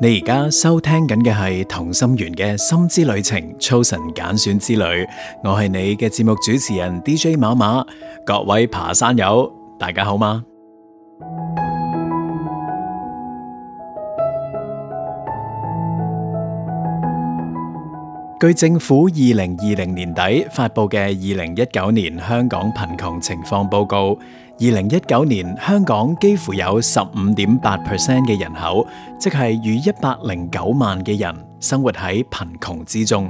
你而家收聽緊嘅係同心圓嘅心之旅程 Chosen 揀選之旅，我係你嘅節目主持人 DJ 馬馬，各位爬山友，大家好嗎？據政府二零二零年底發佈嘅二零一九年香港貧窮情況報告，二零一九年香港幾乎有十五點八 percent 嘅人口，即係逾一百零九萬嘅人生活喺貧窮之中。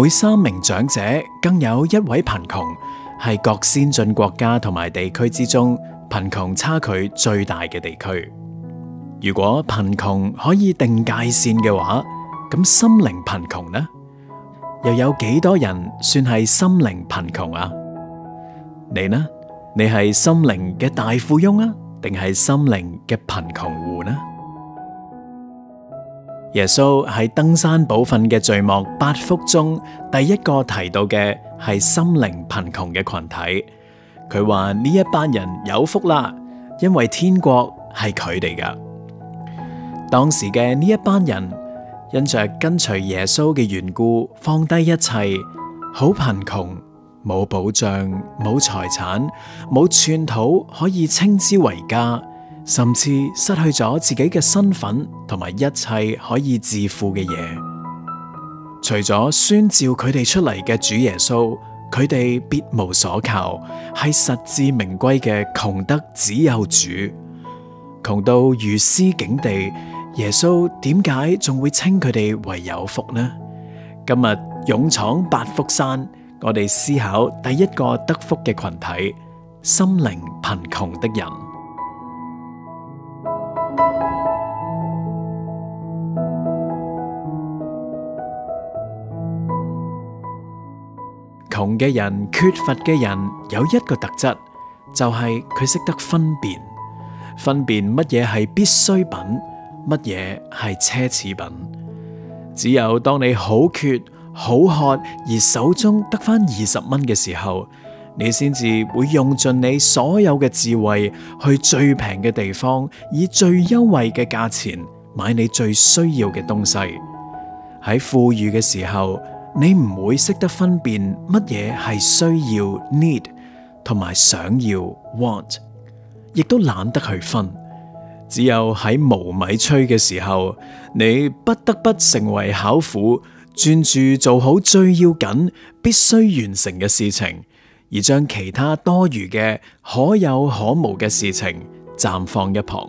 每三名長者更有一位貧窮，係各先進國家同埋地區之中貧窮差距最大嘅地區。如果貧窮可以定界線嘅話，咁心靈貧窮呢？又有幾多人算係心靈貧窮啊？你呢？你係心靈嘅大富翁啊，定係心靈嘅貧窮戶呢？耶穌喺登山寶訓嘅序幕八福中第一個提到嘅係心靈貧窮嘅群體。佢話呢一班人有福啦，因為天國係佢哋㗎。當時嘅呢一班人。因着跟隨耶穌嘅緣故，放低一切，好貧窮，冇保障，冇財產，冇寸土可以稱之為家，甚至失去咗自己嘅身份同埋一切可以致富嘅嘢。除咗宣召佢哋出嚟嘅主耶穌，佢哋別無所求，係實至名歸嘅窮得只有主，窮到如斯境地。耶穌點解仲會稱佢哋為有福呢？今日勇闖八福山，我哋思考第一個得福嘅群體——心靈貧窮的人。窮嘅人，缺乏嘅人，有一個特質，就係佢識得分辨，分辨乜嘢係必需品。乜嘢係奢侈品？只有當你好缺、好渴，而手中得返二十蚊嘅時候，你先至會用盡你所有嘅智慧，去最平嘅地方，以最優惠嘅價錢買你最需要嘅東西。喺富裕嘅時候，你唔會識得分辨乜嘢係需要 need，同埋想要 want，亦都懶得去分。只有喺無米炊嘅時候，你不得不成為巧婦，專注做好最要緊、必須完成嘅事情，而將其他多餘嘅可有可無嘅事情暫放一旁。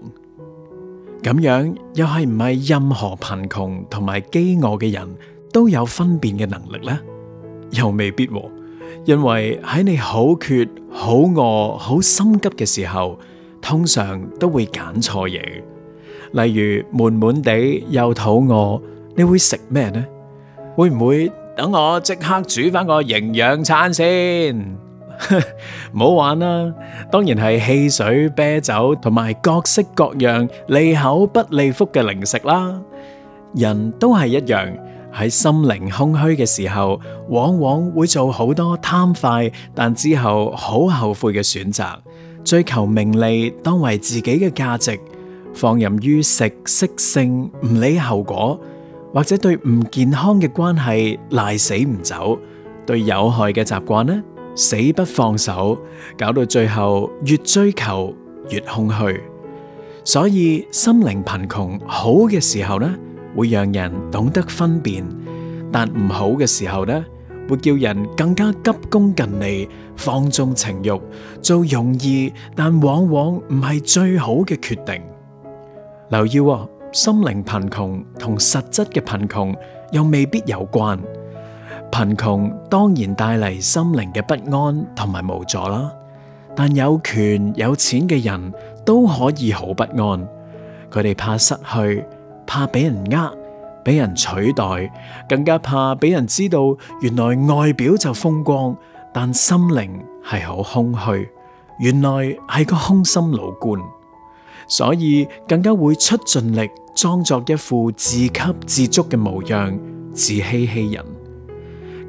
咁樣又係唔係任何貧窮同埋飢餓嘅人都有分辨嘅能力呢？又未必喎，因為喺你好缺、好餓、好心急嘅時候，通常都會揀錯嘢，例如悶悶地又肚餓，你會食咩呢？會唔會等我即刻煮返個營養餐先？唔 好玩啦，當然係汽水、啤酒同埋各式各樣利口不利福嘅零食啦。人都係一樣，喺心靈空虛嘅時候，往往會做好多貪快，但之後好後悔嘅選擇。追求名利，當為自己嘅價值，放任於食色性，唔理後果；或者對唔健康嘅關係賴死唔走，對有害嘅習慣呢死不放手，搞到最後越追求越空虛。所以心靈貧窮好嘅時候呢，會讓人懂得分辨；但唔好嘅時候呢？會叫人更加急功近利，放縱情慾，做容易但往往唔係最好嘅決定。留意啊，心靈貧窮同實質嘅貧窮又未必有關。貧窮當然帶嚟心靈嘅不安同埋無助啦，但有權有錢嘅人都可以好不安，佢哋怕失去，怕俾人呃。俾人取代，更加怕俾人知道。原來外表就風光，但心靈係好空虛。原來係個空心老倌，所以更加會出盡力裝作一副自給自足嘅模樣，自欺欺人。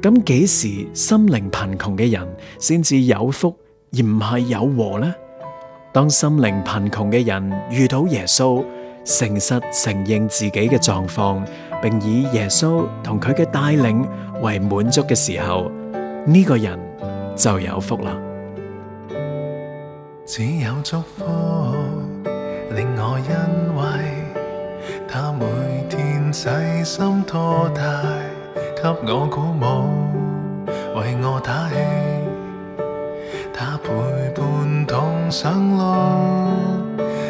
咁幾時心靈貧窮嘅人先至有福而唔係有禍呢？當心靈貧窮嘅人遇到耶穌，誠實承認自己嘅狀況。並以耶穌同佢嘅帶領為滿足嘅時候，呢、這個人就有福啦。只有祝福令我欣慰，他每天細心托帶，給我鼓舞，為我打氣，他陪伴同上路，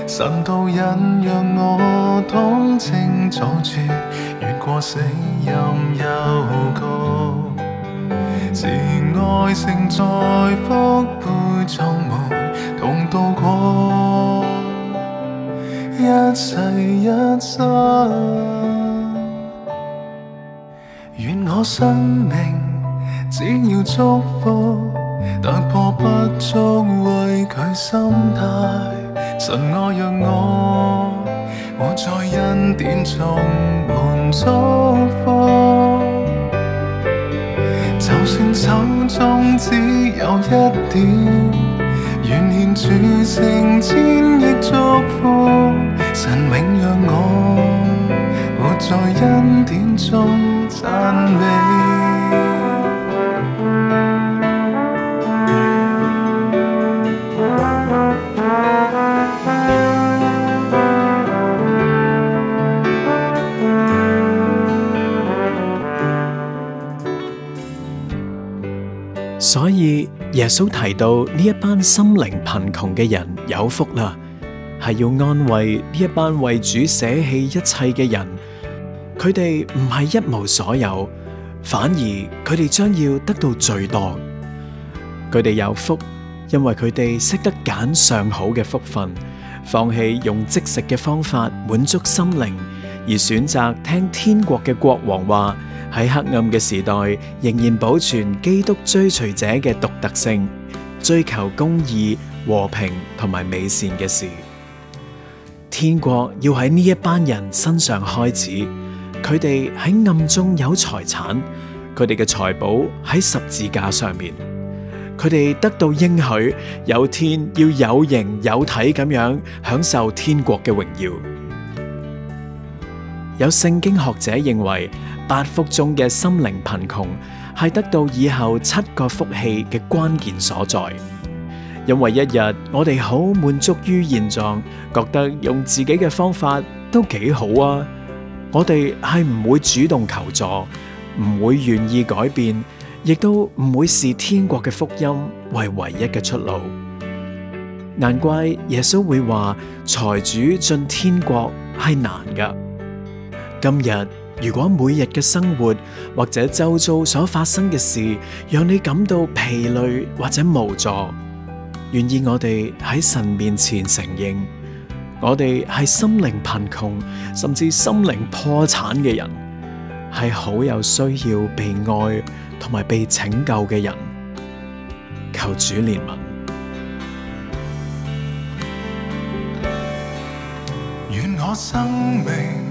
神導引讓我當正早主。死蔭幽谷，慈愛盛載福杯充滿，同渡過一世一生。願我生命只要祝福，突破不足畏懼心態，神愛讓我。我在恩典中蒙祝福，就算手中只有一點，願獻出成千億祝福，神永讓我活在恩典中。耶穌提到呢一班心靈貧窮嘅人有福啦，係要安慰呢一班為主捨棄一切嘅人。佢哋唔係一無所有，反而佢哋將要得到最多。佢哋有福，因為佢哋識得揀上好嘅福分，放棄用即食嘅方法滿足心靈，而選擇聽天國嘅國王話。喺黑暗嘅時代，仍然保存基督追隨者嘅獨特性，追求公義、和平同埋美善嘅事。天國要喺呢一班人身上開始，佢哋喺暗中有財產，佢哋嘅財寶喺十字架上面。佢哋得到應許，有天要有形有體咁樣享受天國嘅榮耀。有聖經學者認為。八福中嘅心靈貧窮係得到以後七個福氣嘅關鍵所在，因為一日我哋好滿足於現狀，覺得用自己嘅方法都幾好啊，我哋係唔會主動求助，唔會願意改變，亦都唔會視天國嘅福音為唯一嘅出路。難怪耶穌會話財主進天國係難㗎，今日。如果每日嘅生活或者周遭所發生嘅事，讓你感到疲累或者無助，願意我哋喺神面前承認，我哋係心靈貧窮，甚至心靈破產嘅人，係好有需要被愛同埋被拯救嘅人，求主憐憫。願我生命。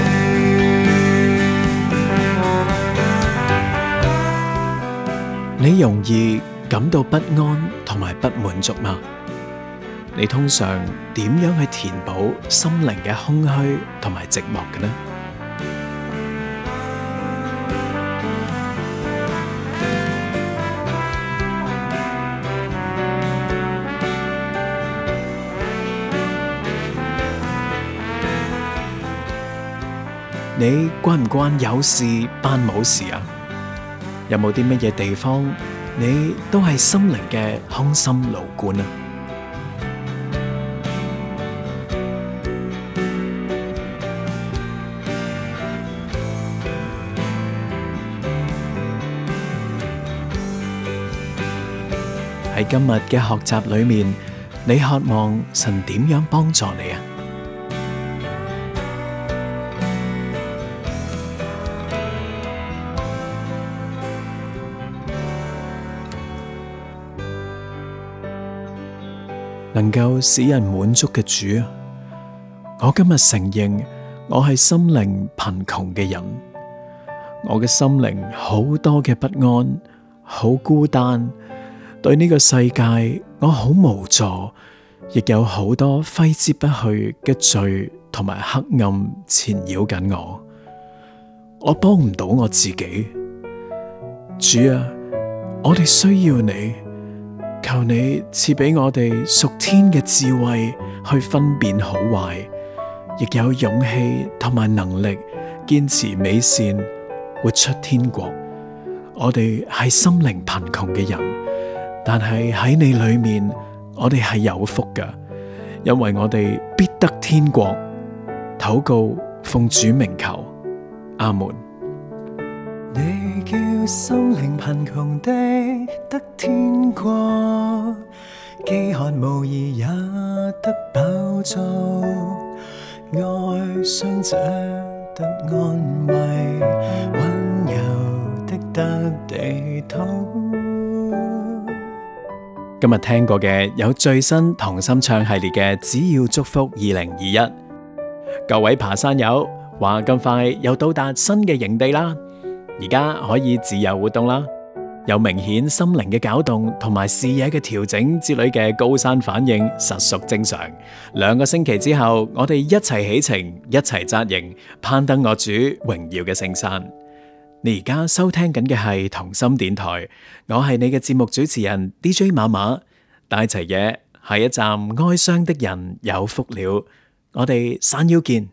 你容易感到不安同埋不滿足嗎？你通常點樣去填補心靈嘅空虛同埋寂寞嘅呢？你關唔關有事扮冇事啊？有冇啲乜嘢地方你都係心靈嘅空心老倌啊？喺今日嘅學習裏面，你渴望神點樣幫助你啊？能夠使人滿足嘅主啊，我今日承認我係心靈貧窮嘅人，我嘅心靈好多嘅不安，好孤單，對呢個世界我好無助，亦有好多揮之不去嘅罪同埋黑暗纏繞緊我，我幫唔到我自己，主啊，我哋需要你。求你賜俾我哋屬天嘅智慧去分辨好壞，亦有勇氣同埋能力堅持美善，活出天國。我哋係心靈貧窮嘅人，但係喺你裏面，我哋係有福㗎，因為我哋必得天國。禱告奉主名求，阿門你叫心靈貧窮的。得天國，飢渴慕義也得飽足，哀傷者得安慰，溫柔的得地土。今日聽過嘅有最新同心唱系列嘅《只要祝福》二零二一。各位爬山友，話咁快又到達新嘅營地啦，而家可以自由活動啦。有明顯心靈嘅攪動同埋視野嘅調整之類嘅高山反應，實屬正常。兩個星期之後，我哋一齊起起程，一齊紮營，攀登我主榮耀嘅聖山。你而家收聽緊嘅係同心電台，我係你嘅節目主持人 DJ 馬馬，帶齊嘢，下一站哀傷的人有福了，我哋山腰見。